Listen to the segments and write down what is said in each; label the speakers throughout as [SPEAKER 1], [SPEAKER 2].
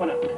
[SPEAKER 1] w h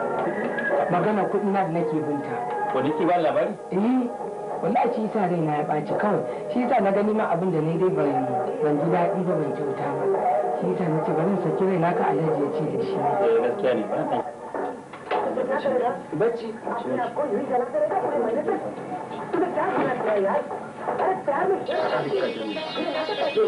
[SPEAKER 1] magana kudi na da nake binta
[SPEAKER 2] wani ki ba labari
[SPEAKER 3] eh wallahi shi yasa na ya baci kawai shi ta na gani ma abin da na dai ban ban ji daɗi ba ban kyauta ba shi ta na ce bari saki raina ka alhaji ya ce da shi eh gaskiya ne bacci Thank you.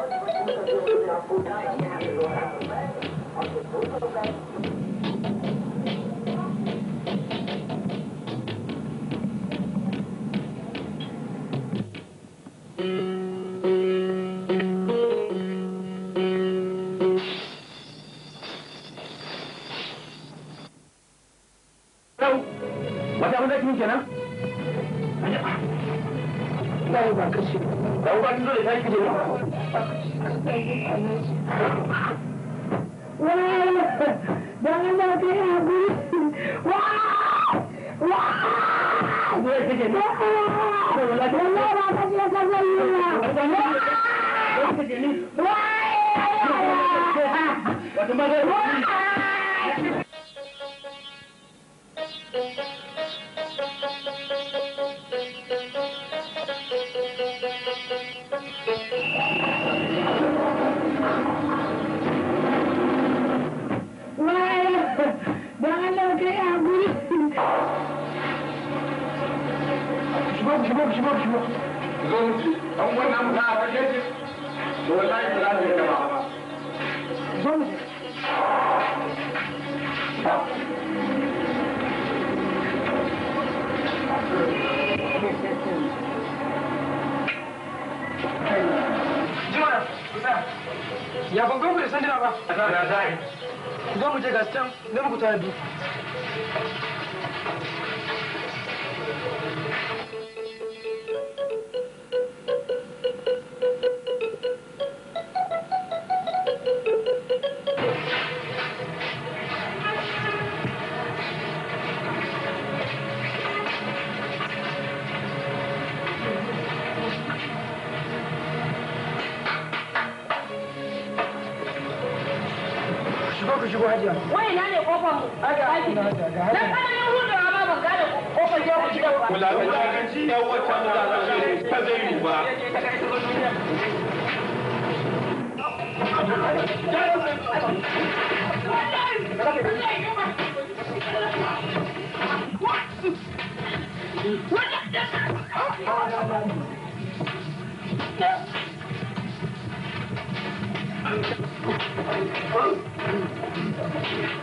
[SPEAKER 3] Thank you. Father.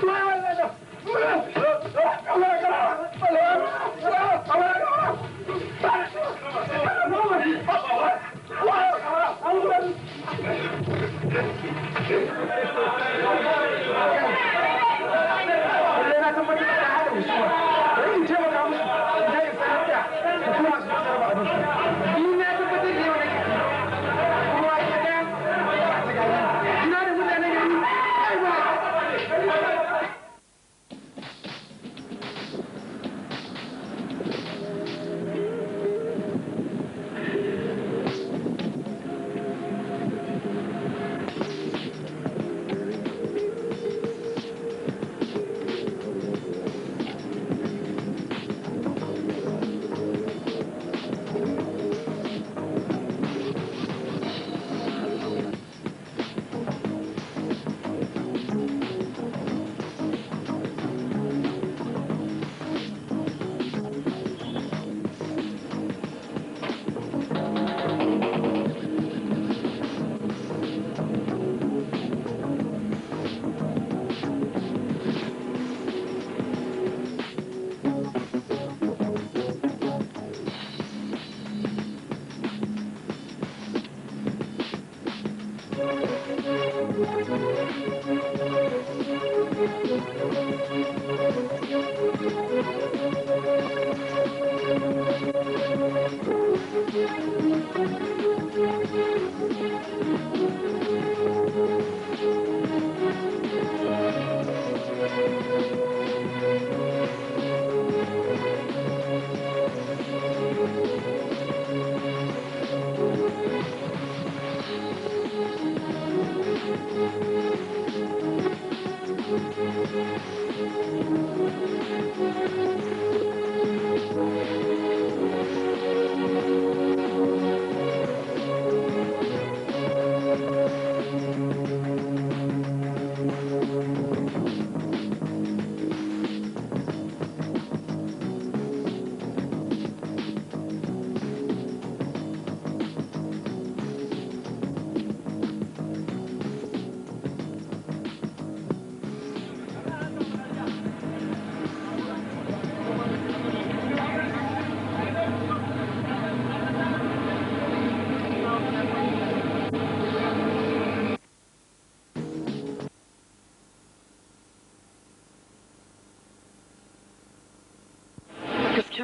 [SPEAKER 3] ¡Muévelo! ¡Muévelo!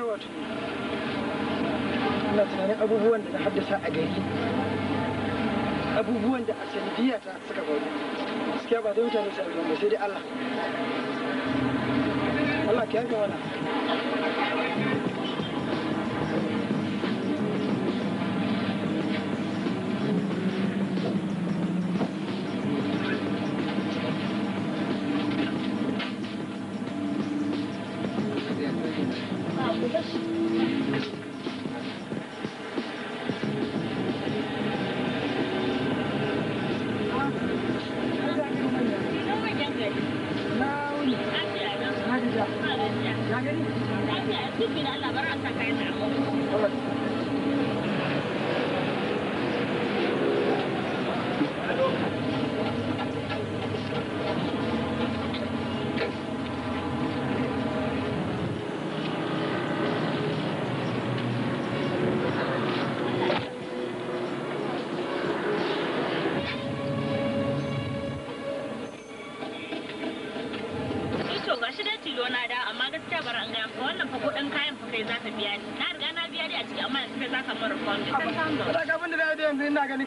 [SPEAKER 1] sha wato ina tunanin abubuwan da na haddasa a gari abubuwan da a sanadiyya ta suka faru gaskiya ba da mutane su ba sai dai Allah Allah ki yanka mana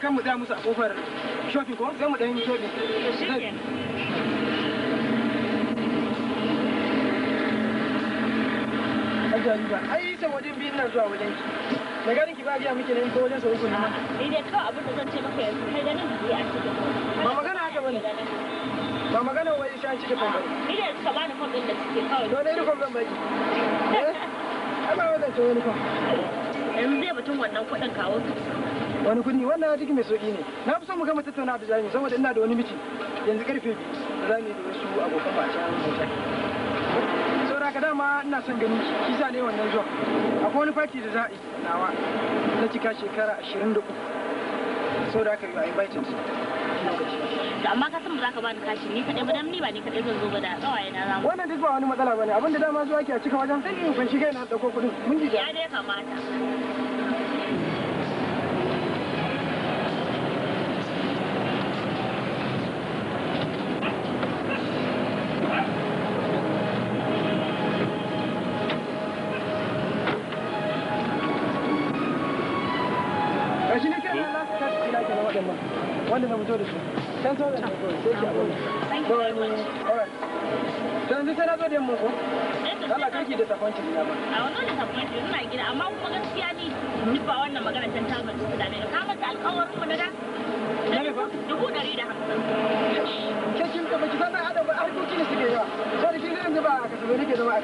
[SPEAKER 1] kan mu za musu a kofar shopping ko sai mu dan shopping ai sa wajen biyun
[SPEAKER 3] nan zuwa wajen ki
[SPEAKER 1] da ganin ki ba biya miki ne ko wajen sa uku ne ma
[SPEAKER 3] ni dai kawai abin da zan ce maka yanzu kai ganin ki a cikin ba magana haka bane ba magana wai sha cikin fam bane ni da suka bani fam din da suke kawai to ne ni fam zan baki eh ai ba wannan ce wani fam yanzu zai batun wannan kuɗin kawo su
[SPEAKER 1] wani kudi wannan duk mai sauki ne na fi son mu gama tattauna da jami'i saboda ina da wani miki
[SPEAKER 3] yanzu karfe biyu za ne da wasu abokan ba a can mai
[SPEAKER 1] saboda ka dama ina son ganin shi za ne wannan zuwa akwai wani fati da za a yi nawa na cika shekara ashirin da uku saboda haka yi a
[SPEAKER 3] invited da amma ka san ba za ka bani kashi ni kaɗai ba dan ni ba ni kaɗai zan zo ba da tsawaye na zamu wannan
[SPEAKER 1] duk ba wani matsala bane abinda dama zuwa ke a cika wajen sai in fanshi kai na dauko kuɗin mun ji ya dai
[SPEAKER 3] kamata disappointed na ba. A wannan disappointed ina gida amma kuma gaskiya ni duk ba wannan magana can ta bar su dame ka masa mu na da. Dubu ɗari da hamsin. Ke kin ka baki sanar hada harkokin suke yawa.
[SPEAKER 1] Sai kin zai ba a kasabe nake zama a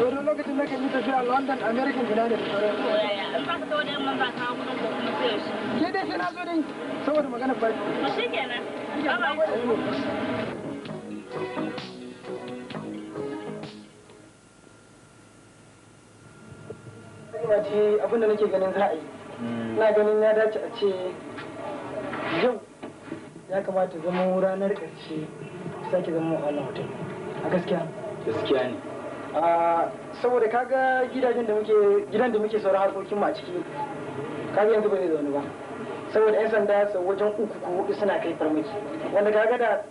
[SPEAKER 1] wani lokacin da kan yi tafiya London America gida da sauran.
[SPEAKER 3] in ba ka zo da yamma ba ka ko kuma sai Ke
[SPEAKER 1] dai sai na zo saboda magana ba. shi kenan. bukata ce abinda nake ganin za a yi hmm. na ganin ya dace a ce yau ya kamata zama ranar ƙarshe sake zama wannan hotel a gaskiya gaskiya ne saboda kaga gidajen da muke gidan da muke sauran harkokin mu a ciki kaga yanzu zai zaune ba saboda yan sanda su wajen uku ko hudu suna kai farmaki wanda kaga da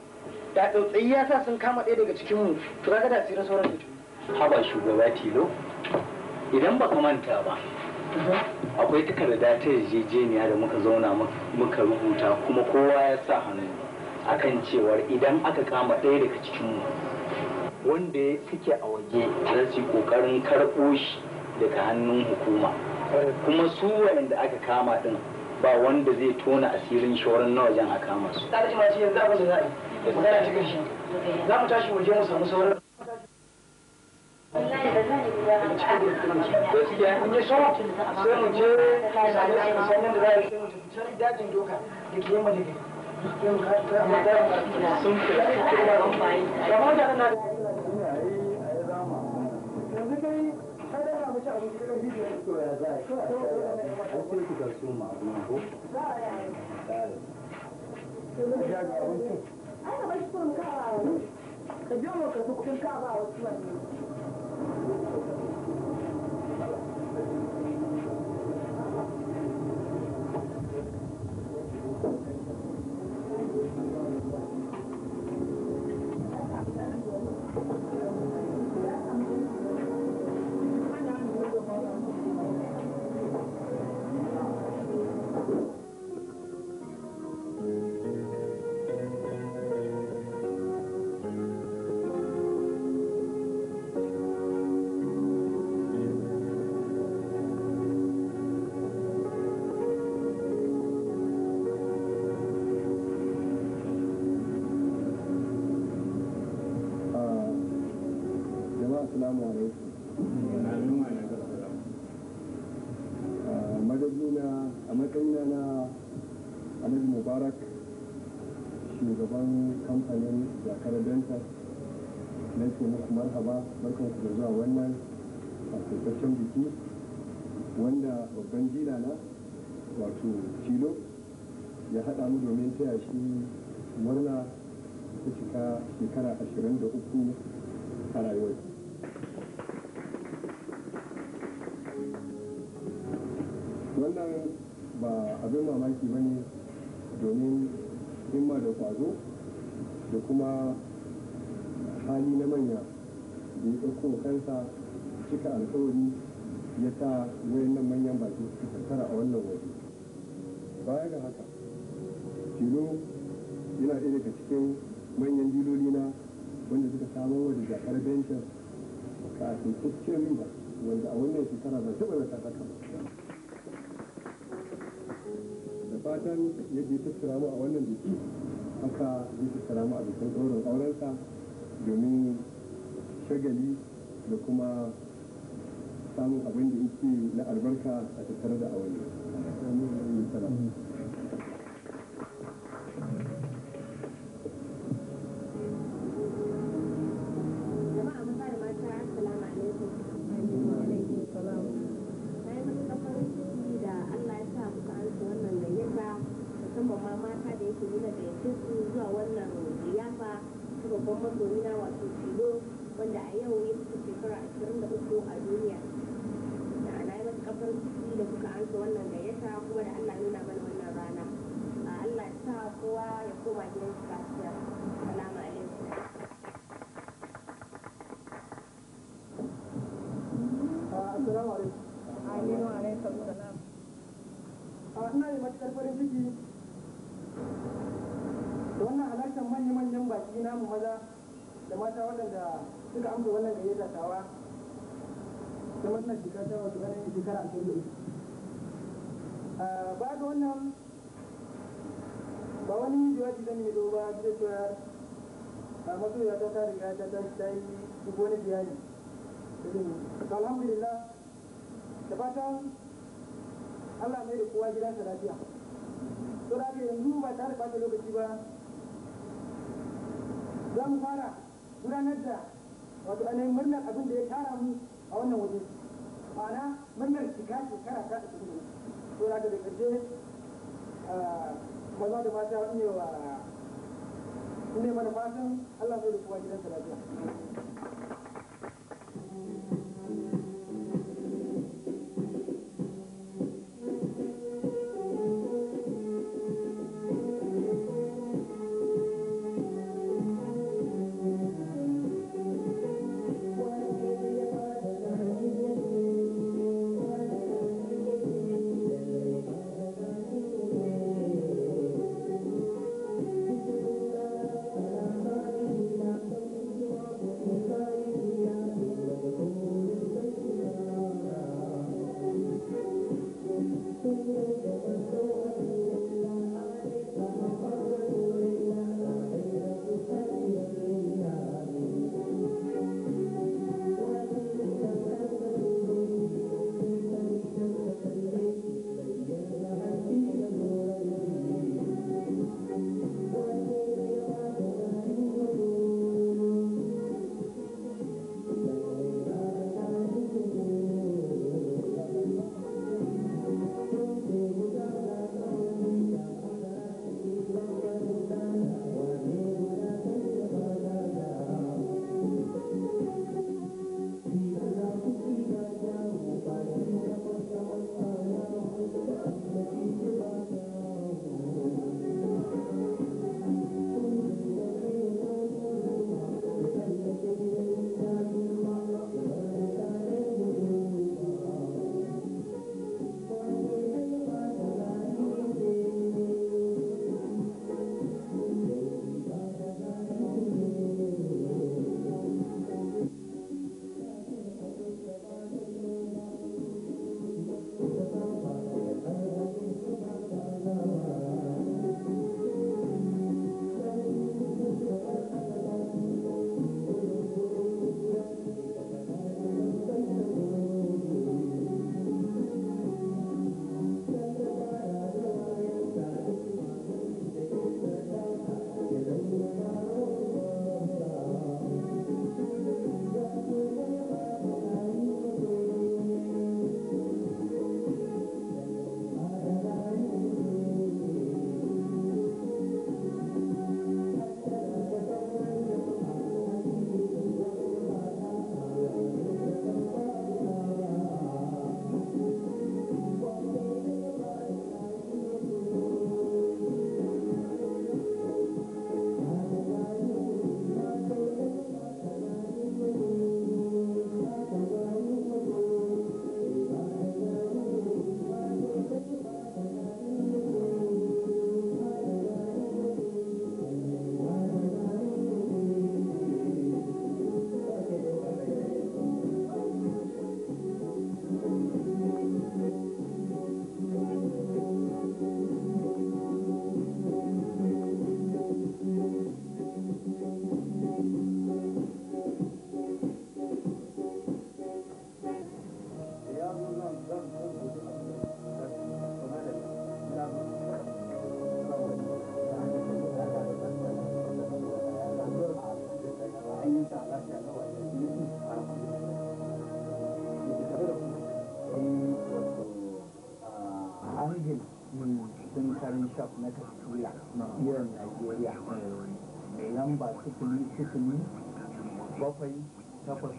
[SPEAKER 1] da tsautsayi ya sa sun kama ɗaya daga cikin mu to kaga da asirin sauran
[SPEAKER 2] mutum haba shugaba tilo idan baka manta ba akwai takarda ta yarjejeniya da muka zauna muka rubuta kuma kowa ya sa hannu akan cewar idan aka kama ɗaya daga cikinmu wanda ya suke a waje za su ƙoƙarin karɓo shi daga hannun hukuma kuma su waɗanda aka kama ɗin ba wanda zai tona asirin shawarar
[SPEAKER 1] na wajen a kama su. gaskiya in ya so sai mu je sannan da za a yi mu tafi can dajin doka da ke yamma da gari sun fi da ana da na da abin cikin
[SPEAKER 2] bidiyo
[SPEAKER 3] to ya
[SPEAKER 4] za a yi an ce ku so ma abin ko
[SPEAKER 3] za a yi
[SPEAKER 5] ke muku marhaba barkan ku da zuwa wannan a takaitaccen biki wanda babban jila na wato tilo ya haɗa mu domin taya shi murna ta cika shekara ashirin da uku a rayuwar wannan ba abin mamaki ba ne domin himma da kwazo da kuma hali na manya da ya ɗauko kansa cika alkawari ya sa wayannan manyan baki su tattara a wannan waje baya ga haka tilo yana ɗaya daga cikin manyan diloli na wanda suka samu wa da jakar bencin kafin cikin riba wanda a wannan shekara ba taɓa da haka ba da fatan yadda ya tattara mu a wannan biki haka ya tattara mu a bikin ɗaurin aurensa domin shagali da kuma samun abin da yake na albarka a tattare da awali.
[SPEAKER 1] da wannan halartar manya-manyan baki mu maza da mata waɗanda suka amsa wannan da tawa ta wannan shekara ta wasu ganin shekara ashirin da uku ba da wannan ba wani wajen zan yi ba duk da cewa a ya ta ta riga ta ta yi duk wani bayani alhamdulillah da fatan Allah mai da kowa gidansa lafiya to da yanzu ba tare ba lokaci ba za mu fara gudanar da wato ainihin murnar abin da ya tara mu a wannan waje ma'ana murnar shiga shekara ta ɗin ne to da daga ƙarshe maza da mata ne wa ne mana fatan Allah zai da gidan gidansa lafiya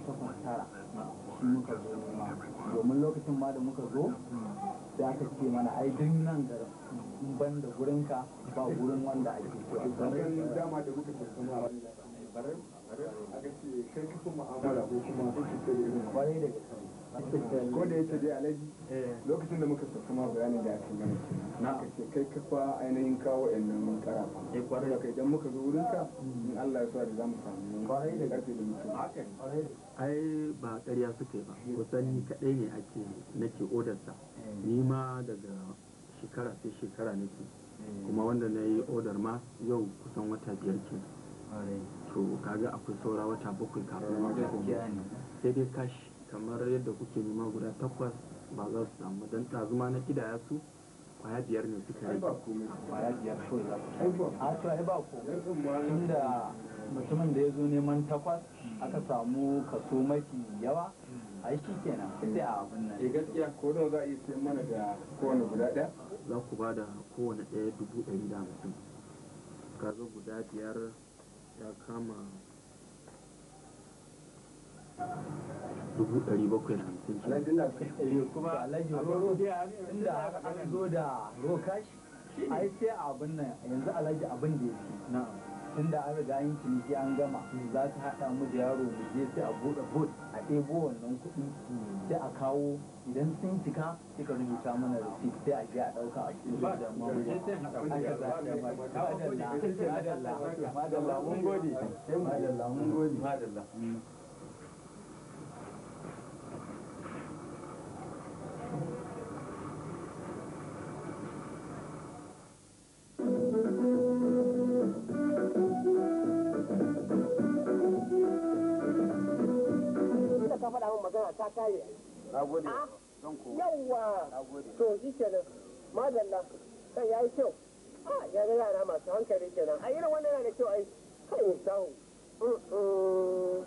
[SPEAKER 2] takwas tara muka zo nema domin lokacin ma da muka zo da aka ce mana ai duk nan da ban da gurinka ba gurin wanda ake so garin dama da muka ce kuma barin a ga ce kai kuma mu'amala ko kuma kwarai da gaske ko da yake dai alaji eh. lokacin da muka saka ma bayanin da ake gani na ka ce kai ka fa ainihin kawo yan nan kara eh kwarai da kai dan muka zo wurin ka mm. in Allah ya so da zamu samu kwarai da karfi da mutum ai ba ƙarya suke ba eh. kusan ni kadai ne ake nake odar sa eh. ni ma daga shekara sai shekara nake kuma wanda na yi odar ma yau kusan wata biyar ke to kaga akwai saura wata bakwai kafin wata sai dai kashi kamar yadda kuke nema guda takwas ba za su samu don tazuma na kidaya su kwaya biyar ne suka yi kwaya biyar kawai za su a ba komai inda mutumin da ya zo neman takwas aka samu kaso mafi yawa yi shi kenan sai a abin nan eh gaskiya ko da za a yi sai mana da kowane guda ɗaya za ku ba da kowane ɗaya dubu ɗari da hamsin zo guda biyar ya kama dubu ɗari bakwai da hamsin ke kuma alhaji roro inda aka zo da rokash ai sai abin nan yanzu alhaji abin da ya fi na'am tunda an riga yin ciniki an gama za su haɗa mu da yaro mu je sai a buɗe bot a ɗebo wannan kuɗi sai a kawo idan sun cika ka rubuta mana receipt sai a je a ɗauka a cikin da damuwa madalla madalla mun gode madalla mun gode madalla mm.
[SPEAKER 3] kare ah, yawwa to shi kenan madalla kan ya yi kyau a yanzu yana masu hankali kenan a irin wannan yana da kyau ai mm-hmm.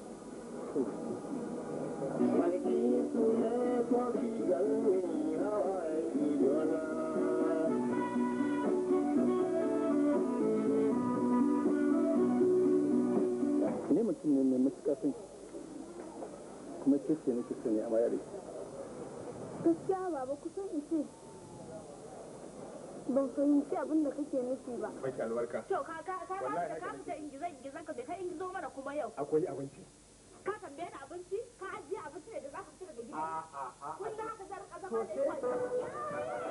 [SPEAKER 2] mutum ne
[SPEAKER 5] kuma kece ne kece ne a mayare
[SPEAKER 3] gaskiya baba kusan in ce ban fahimci abin da kake nufi ba mashi albarka to ka ka ka ka ka fita ingiza ingiza ka bai in ingizo mana kuma yau
[SPEAKER 2] akwai abinci
[SPEAKER 3] ka tambaye ni abinci ka ajiye abinci ne da za ka fita daga gida kun da haka zan kaza ba da ita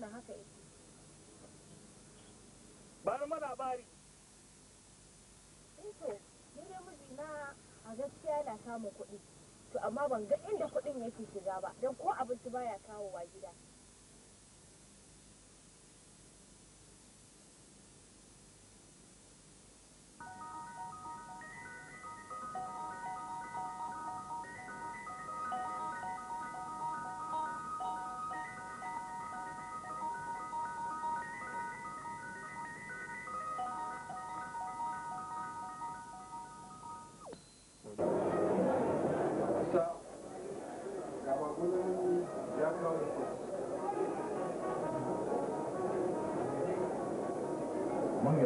[SPEAKER 2] wannan haka yake bari ma labari
[SPEAKER 3] eh to ni dai mijina a gaskiya yana samun kuɗi to amma ban ga inda kuɗin yake shiga ba don ko abinci baya kawowa gida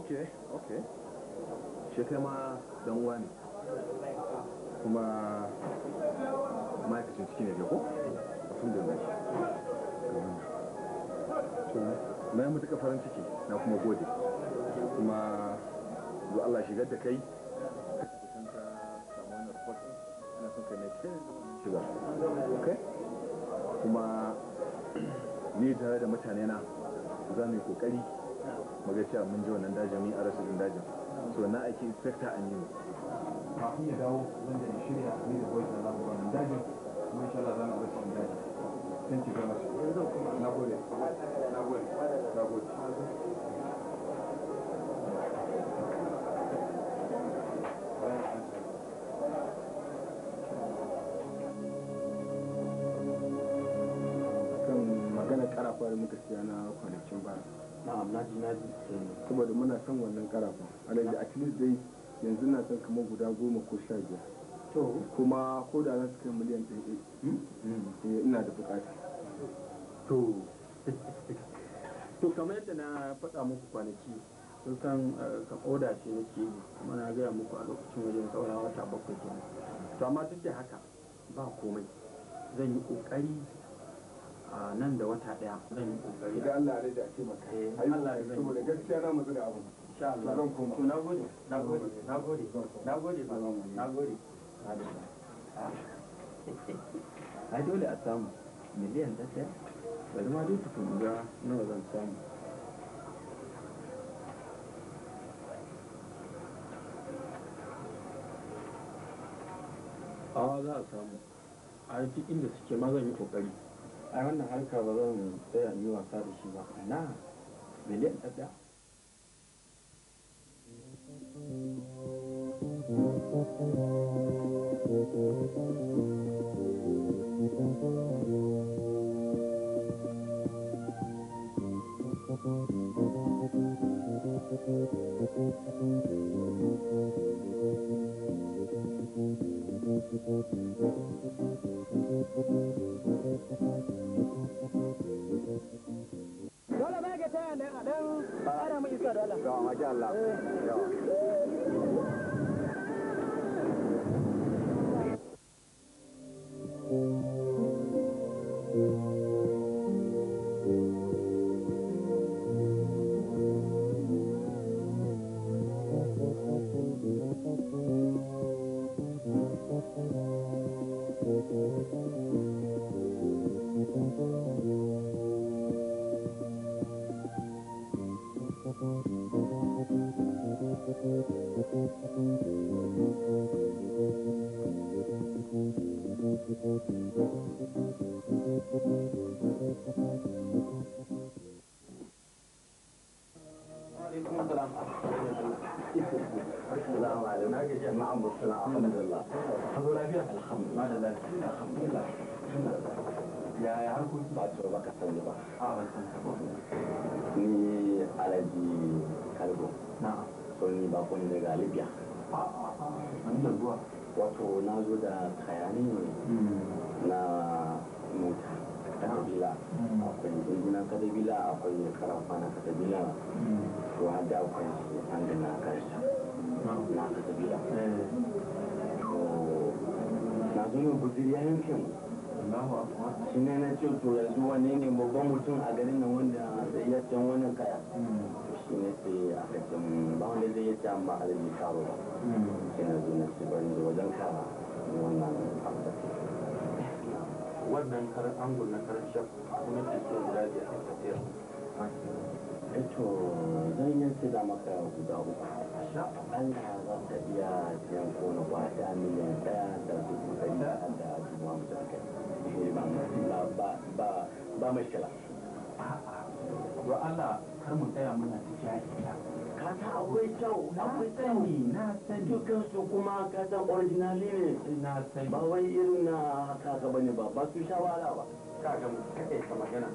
[SPEAKER 2] ok ok ma dan wani kuma ma'aikacin ciki ne ko alhamdulillah na yi matuƙa farin ciki na kuma gode kuma zuwa Allah shigar da kai kuma ni tare da mutane na za mu yi kokari muga cewa mun ji wannan dajin mun arasa din dajin so na aiki inspector an yi kafin ya dawo zan da shirya ni da boys na zamu wannan dajin mun insha Allah arasa din dajin thank you very na gode na gode muka siya na kwanakin baya na ji na ji saboda muna son wannan karafa alaji at least dai yanzu na san kamar guda goma ko sha biya to kuma ko da za su kai miliyan ɗaya eh. Hmm? Eh, ina da bukata to to kamar yadda na faɗa muku kwanaki sun san eh, ka oda ce nake yi kuma na gaya muku a lokacin wajen saura wata bakwai kenan to amma duk da haka ba komai zan yi ƙoƙari nan da wata daya zan yi kokari da Allah ya rage da maka eh, ayi Allah ya rage saboda gaskiya na matsu da abun insha Allah zan kuma to nagode nagode nagode nagode nagode ai dole a samu miliyan da ta bari ma duk tukun ga nawa zan samu awa za a samu a duk inda suke ma zan yi kokari ai wannan harka ba zan tsaya yi wasa da shi ba na miliyan ɗaɗɗa
[SPEAKER 3] Thank you. Dole
[SPEAKER 1] ba ga ta da
[SPEAKER 2] adan, aka ji amma an gusto na alhamdulillah ka zo lafiya ya ya har kun ba baka ba a ban san ni alaji kalgo na so ni ba kun a a da wato na zo da kayani na mota ta kabila akwai injina kadabila kabila akwai karafa na kabila to hada akwai an da na na ta tafiya ya yanke mu shi ne na ce to yanzu wane ne babban mutum a garin nan wanda zai yi can wannan kaya hmm. shi ne sai a kacin ba wanda zai yi can ba alaji karo ba hmm. shi na zo na ce bari da wajen kara wannan abu wannan karan angon na karan shaf kuma ke so guda biyar a tafiyar to zan yi kira maka guda uku Allah za ta iya siyan kona kwata miliyan ɗaya da dubu a da juma mu zaka shi ba ba ba ba mashkila wa Allah kar mu tsaya muna ta jahila a akwai kyau akwai sani kuma kata originali ne na sani ba wai irin na haka ka bane ba ba su shawara ba kaga mu kaɗai ka magana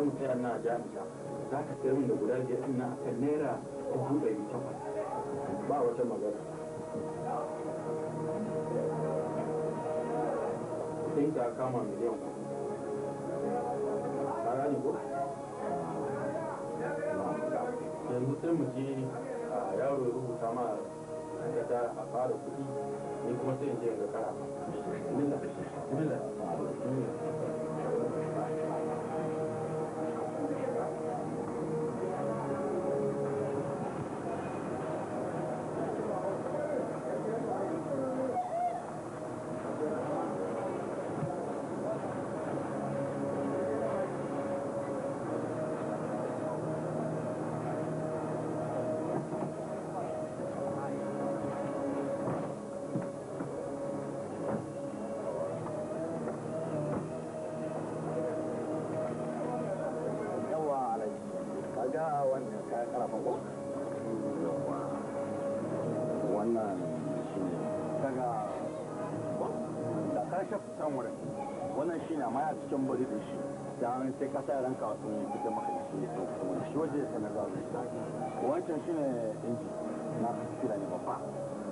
[SPEAKER 2] har mu tsaya na jami'a za ka sayar da guda biyar ɗin nan akan naira dubu ɗari takwas ba wata magana sai ka kama miliyan ba gane ko yanzu sai mu je yaro ya rubuta ma ta a fara kuɗi ni kuma sai in je ga kara mila mila amma yana cikin bari da shi dan sai ka sa ranka wasu ne fita maka da shi shi waje sana za su wancan shi ne inji na kira ne babba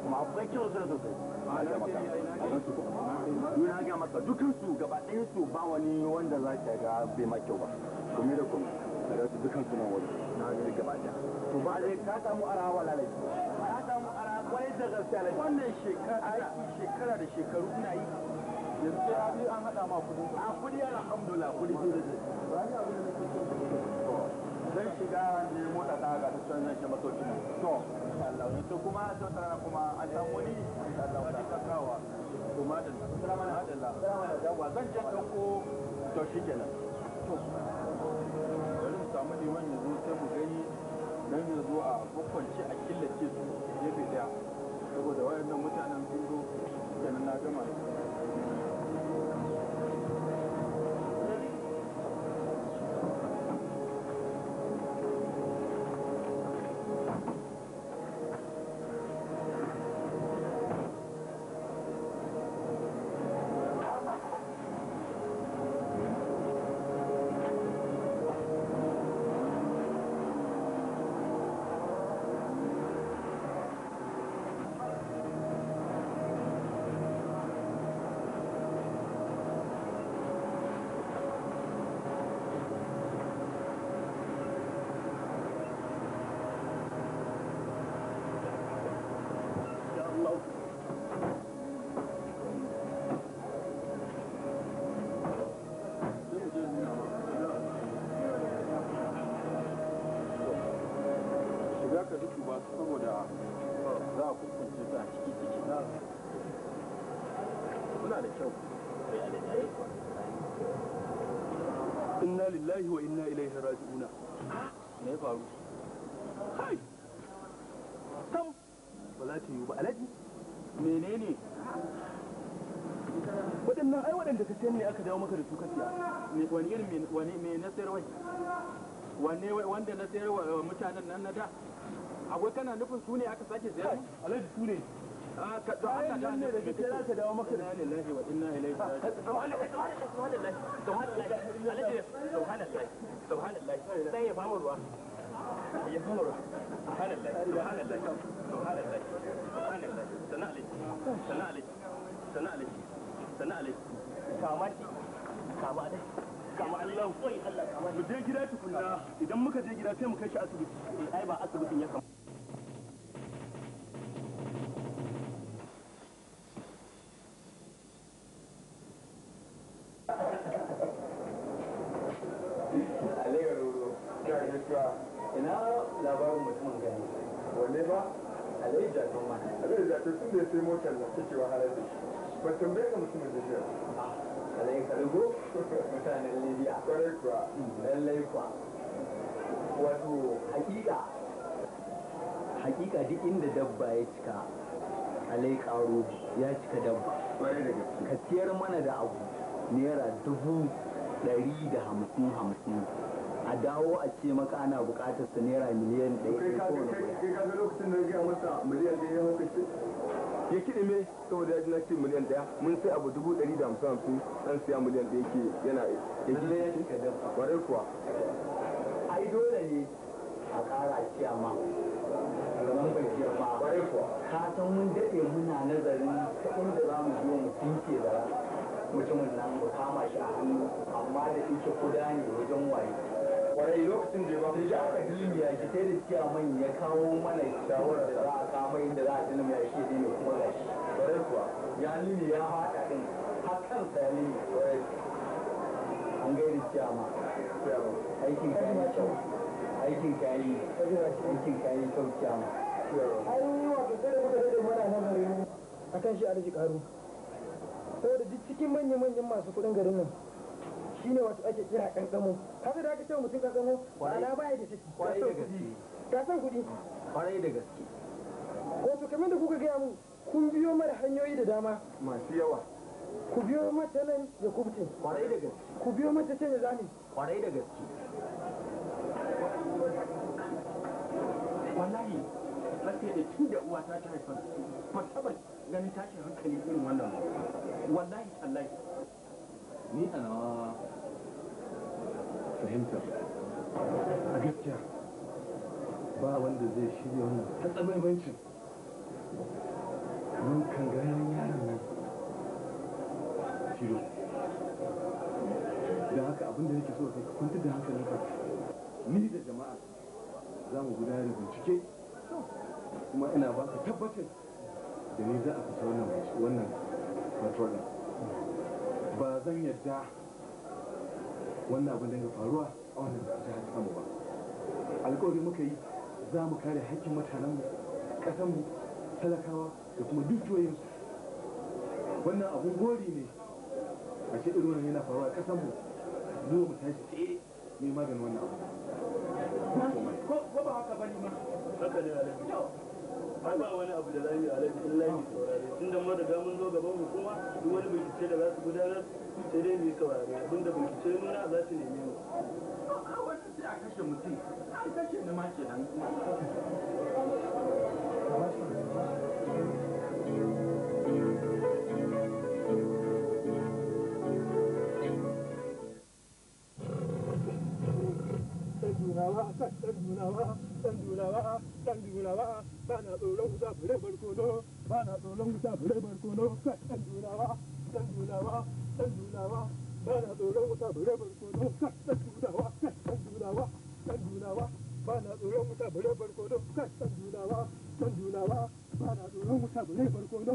[SPEAKER 2] kuma akwai kyau sosai sosai na ga maka dukkan su gaba ɗayan su ba wani wanda za ka ga bai ma kyau ba kuma da kuma da su dukkan su nan wani na ga gaba ɗaya to ba dai ka samu arawa lalai
[SPEAKER 1] ka samu arawa
[SPEAKER 2] kwarai da gaskiya lalai wannan shekara da shekaru ina yi yanzu an haɗa ma kuɗi a kuɗi alhamdulillah kuɗi ke da zai shiga ne mota ta ga ta canza shi masauki ne to to kuma a can kuma a samu ni wani kakawa to madalla madalla yawa zan je ɗauko to shi kenan to bari mu samu liman yanzu sai mu gani don yanzu a kwakwance a killace su gefe ɗaya saboda wayannan mutanen sun zo na gama da duki ba saboda za a kukunce ta a ciki ciki na kuna da kyau inna lillahi wa inna ilaihi raji'una me ya faru kai tam ba za ta yi ba alaji menene
[SPEAKER 4] waɗannan ai waɗanda ka sayar ne aka dawo
[SPEAKER 2] maka da su kasiya wani irin wani me na sayarwa wanne wanda na sayarwa mutanen nan na da akwai kana nufin su aka sake zai alhaji su ne da za dawo maka da wa inna ilaihi sai ya fama ruwa ya fama ruwa sana sana sana sana kama kama Allah Allah kama mu je gida tukunna idan muka je gida sai mu kai shi asibiti ai ba asibitin ya kama take wahalar da shi ka mutumin da jiya kalai kalgo mutanen libya kwarai kuwa lallai kuwa wato hakika hakika duk inda dabba ya cika alai karo ya cika dabba ka siyar mana da abu naira dubu ɗari da hamsin hamsin a dawo a ce maka ana buƙatar sa naira miliyan ɗaya da ya masa ya kiɗi me saboda ya ji na ce miliyan ɗaya mun sai abu dubu ɗari da hamsin hamsin ɗan siya miliyan ɗaya ke yana ya ji ƙwarar kuwa ai dole ne a ƙara ciya ma zaman bai ciya ma ƙwarar kuwa ka san mun daɗe muna nazarin ta inda za mu zo mu tinke da mutumin nan mu kama shi a hannu amma da ike kuda ne wajen waye kwarai lokacin da ya ba mu ji aka dilmiya shi sai da ciya man ya kawo mana shawarar da za a mai da za a tuna mai shi ne kuma da shi bare kuwa ya limi ya haɗa ɗin har kansa ya limi an gairi ma aikin kayan yi kyau aikin kayan yi aikin
[SPEAKER 1] kayan yi kyau ciyama ma
[SPEAKER 4] wato sai da muka dade mana nazarin
[SPEAKER 1] akan shi arziki karu saboda duk cikin manya-manyan masu kuɗin garin nan shine wato ake kira kankamo kaga da aka ce mutum kankamo ana baya da shi kwarai ciki ka san kuɗi
[SPEAKER 2] kwarai da gaske
[SPEAKER 1] wato kamar da kuka gaya mu kun biyo mara hanyoyi da dama masu yawa ku biyo mata nan ya kubce kwarai da gaske ku biyo mata ce da zani
[SPEAKER 2] kwarai da gaske wallahi sai da tun da uwa ta ta haifar ba taba ganin tashin hankali irin wannan wallahi tallahi ni a nawa fahimtar a gaskiya ba wanda zai shirya wannan ta tsamaimancin mun kan ganin yaron nan shiro da haka abinda yake so ka kwantar da hankalinka ni da jama'a za mu gudanar da bincike kuma ina ba ka tabbacin da ni za a fita wannan wannan ba zan yarda wannan abin da ya faruwa a wannan jihar samu ba alkawari muka yi za mu kare hakkin mutanenmu ƙasanmu talakawa da kuma dukiyoyinsu wannan abun gori ne a ce irin wannan yana faruwa a mu mu mu tashi tsaye ne maganin wannan abu ko ba haka bane ma haka ne alaji ba wani abu da zai yi alaji in layi saurare tunda mun riga mun zo gaban kuma duk wani bincike da za su gudanar sai dai mu saurare abinda bincike nuna za su neme mu
[SPEAKER 3] a wani sai a kashe mutum an kashe
[SPEAKER 4] dulawa kan dan dulawa dan dulawa dan dulawa ba na tsoron wuta wuta fure barkono kan dan dulawa wuta fure barkono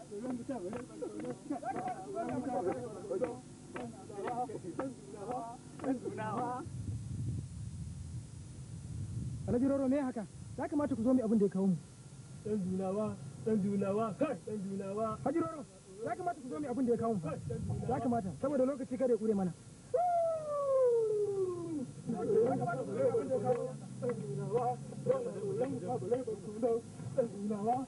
[SPEAKER 4] Alhaji
[SPEAKER 1] Roro me haka? Ya kamata ku zo mai abin da ya kawo mu.
[SPEAKER 4] Dan dunawa, dan dunawa, kai, dan dunawa. Haji Roro, ya kamata ku zo mai abin da ya kawo mu. Ya kamata,
[SPEAKER 1] saboda lokaci kada ya kure mana.
[SPEAKER 4] Dan dunawa, dan dunawa, dan dunawa.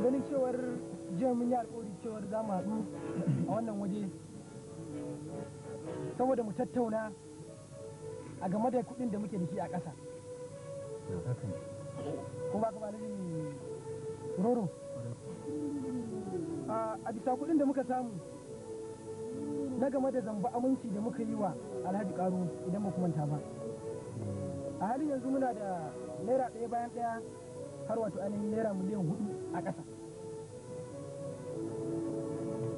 [SPEAKER 1] ganin cewar jiya mun yi alkawari cewar za mu haɗu a wannan waje saboda mu tattauna a game da kuɗin da muke da shi a ƙasa ko ba ka roro a bisa kuɗin da muka samu na game da zamba aminci da muka yi wa alhaji ƙaru idan ba manta ba a halin yanzu muna da naira ɗaya bayan ɗaya har wato ainihin naira miliyan hudu a ƙasa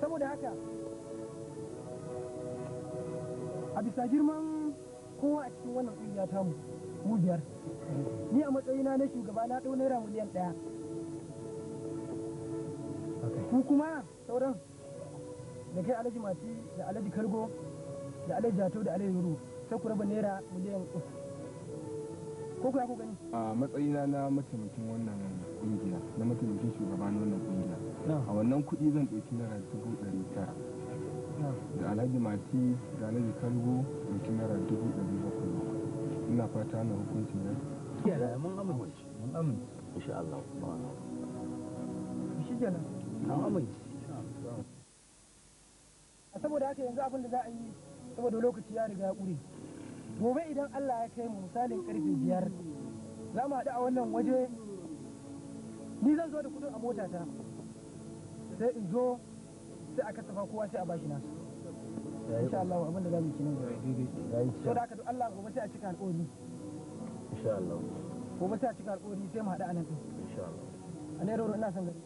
[SPEAKER 1] saboda haka a bisa girman kowa a cikin wannan ƙungiya tamu mu biyar ni a matsayina na shugaba na ɗau naira miliyan ɗaya ku kuma sauran da kai alaji mati da alaji kargo da alaji jato da alaji ruru sai ku raba naira miliyan uku
[SPEAKER 4] ko ya ku gani
[SPEAKER 2] a matsayina na mataimakin wannan kungiya na mataimakin shugaban wannan kungiya a wannan kudi zan ɗauki naira dubu ɗari tara da alhaji mati da alhaji kalgo ɗauki naira dubu ɗari bakwai ina fata na hukunci ne mun amince mun amince insha Allah
[SPEAKER 1] shi kenan mun amince saboda haka yanzu abin da za a yi saboda lokaci ya riga ya ƙure gobe idan Allah ya kai mu misalin karfe biyar za mu haɗu a wannan waje ni zan zo da kudin a mota ta sai in zo sai a kasafa kowa sai a bashi nasu insha Allah abin da za mu yi kinan gobe so da haka duk Allah gobe sai a cika alƙawari insha Allah gobe sai a cika alƙawari sai mu haɗu a nan din insha Allah a ne ina son gari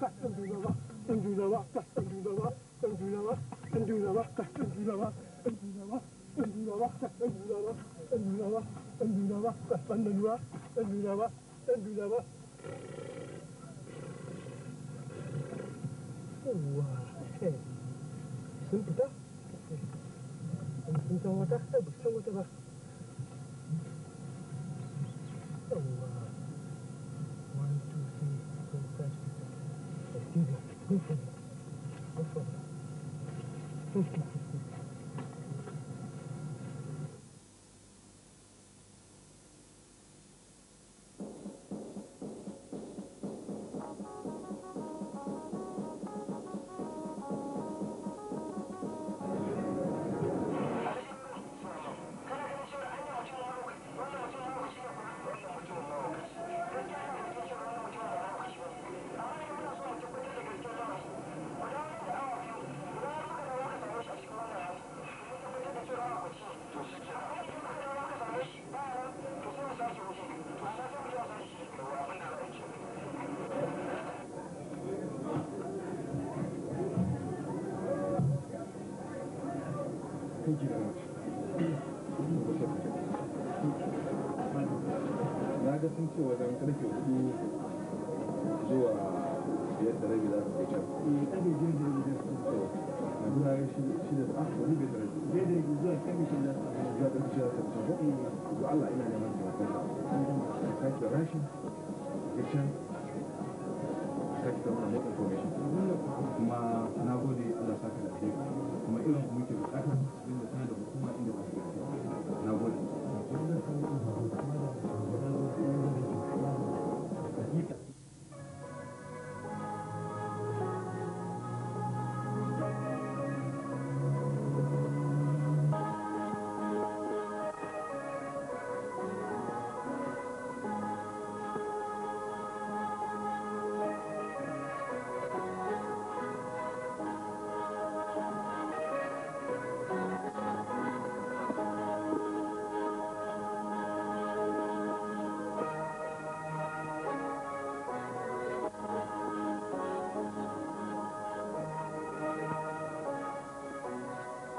[SPEAKER 4] واقع انجولا واقع انجولا واقع انجولا واقع انجولا واقع انجولا واقع انجولا واقع انجولا واقع انجولا واقع انجولا واقع انجولا واقع انجولا واقع انجولا واقع انجولا واقع
[SPEAKER 2] na ga sun ce wajen karfe hudu zuwa biyar da rabi za su kai can eh, karfe biyar da rabi za su kai na ga shida da aka ah,
[SPEAKER 4] wani biyar da rabi da zuwa da eh. Allah ina neman can motar
[SPEAKER 2] kuma na gode Allah saka da kuma irin muke bukata da tana da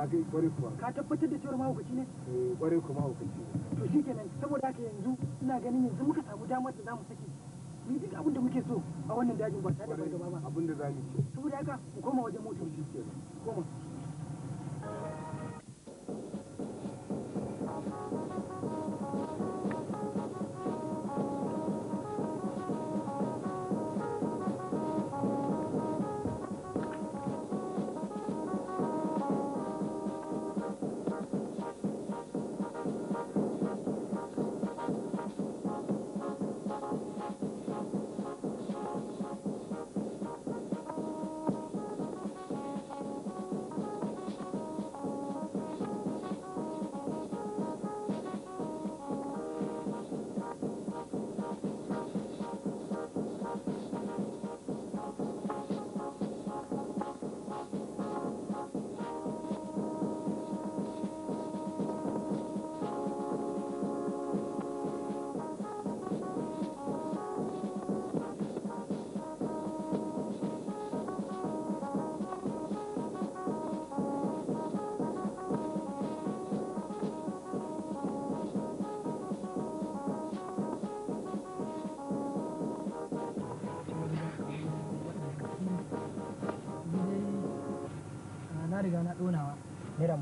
[SPEAKER 4] na kai
[SPEAKER 1] kwarai kuwa ka tabbatar da cewar mahaukaci ne eh kwarai kuwa mahaukaci to shikenan saboda haka yanzu ina ganin yanzu muka samu damar da zamu saki mu duk abin da muke so a wannan dajin ba tare da fargaba ba abin da zamu ce saboda haka mu koma wajen motar koma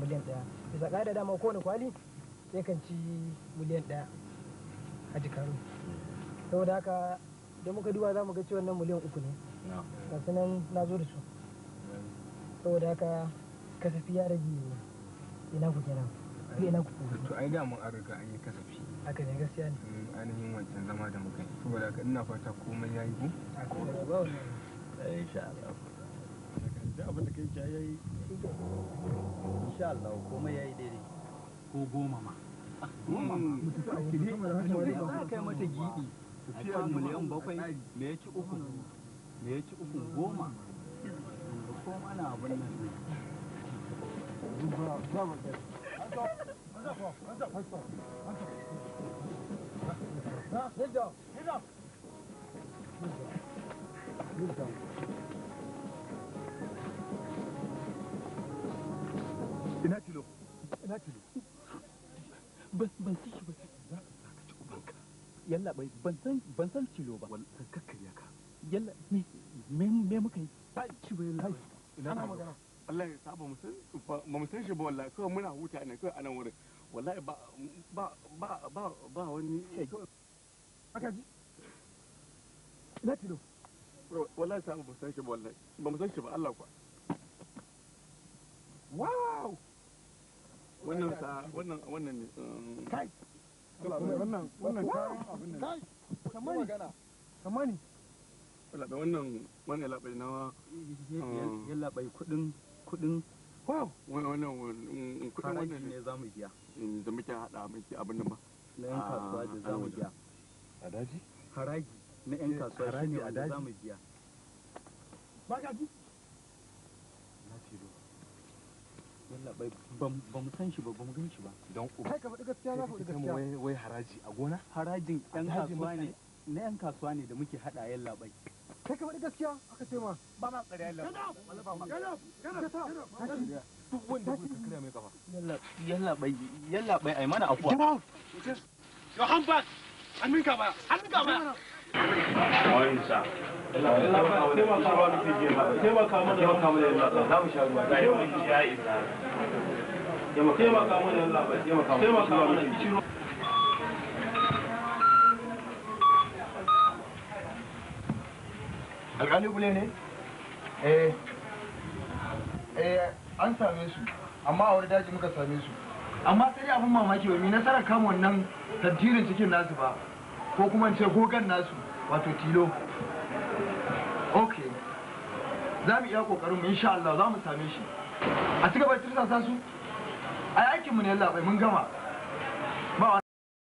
[SPEAKER 1] miliyan da bisa ƙa'ida dama kowane kwali ya kan ci miliyan daya a jikaru saboda haka idan muka duba za mu ga cewa nan miliyan uku ne ga sanan na zo da su saboda haka kasafi ya rage
[SPEAKER 4] ina ku kenan ku ina ku to
[SPEAKER 2] ai mun an riga an yi kasafi haka ne gaskiya ne mm, ainihin wancan zama da muka yi saboda haka ina fata komai ya yi ku ko ba wannan insha Allah duk abin da kai ki yayi insha Allah komai daidai ko goma ma mm. za kai mata gibi a kan miliyan bakwai me ya ci uku me ya ci uku
[SPEAKER 4] goma ko mana abin nan ne Good job. ina tilo ina ban san shi ba
[SPEAKER 2] yalla ban san ba yalla ni me
[SPEAKER 4] muka yi ba ci ina ba shi
[SPEAKER 2] ba kawai muna huta ne kawai anan wurin wallahi ba ba ba ba ina tilo wallahi saba ba wallahi ba shi ba wow wannan sa wannan wannan ne um, kai
[SPEAKER 4] wannan wannan kai kamani kamani
[SPEAKER 2] labe wannan wannan na ya labai kudin kudin wannan mm, kudin wannan ne biya mm, da muke hada muke abin nan ba na yan ah, kasuwa da haraji na yan eh, kasuwa biya yallaɓai ba mu san shi ba ba mu gan shi ba don uba kai ka
[SPEAKER 4] faɗi gaskiya na faɗi gaskiya wai
[SPEAKER 2] wai haraji a gona harajin yan kasuwa ne na yan kasuwa ne da muke haɗa yallaɓai
[SPEAKER 1] kai ka faɗi gaskiya aka ce
[SPEAKER 2] ma
[SPEAKER 4] ba ma tsare yallaɓai ba ma kana kana kana
[SPEAKER 2] duk wanda kuka kira mai kafa yallaɓai yallaɓai ai mana afuwa
[SPEAKER 4] your handbag
[SPEAKER 3] hannun ka baya hannun ka baya
[SPEAKER 2] alƙali ne? eh eh an same su amma a wani daji muka same su amma sai abin mamaki wa mi nasarar kama wannan tattirin cikin nasu ba ko kuma ce gogan nasu wato tilo ok
[SPEAKER 1] za mu iya kokarin mu insha Allah za mu same shi a cigaba da tirsasa su a aikin mu ne bai mun gama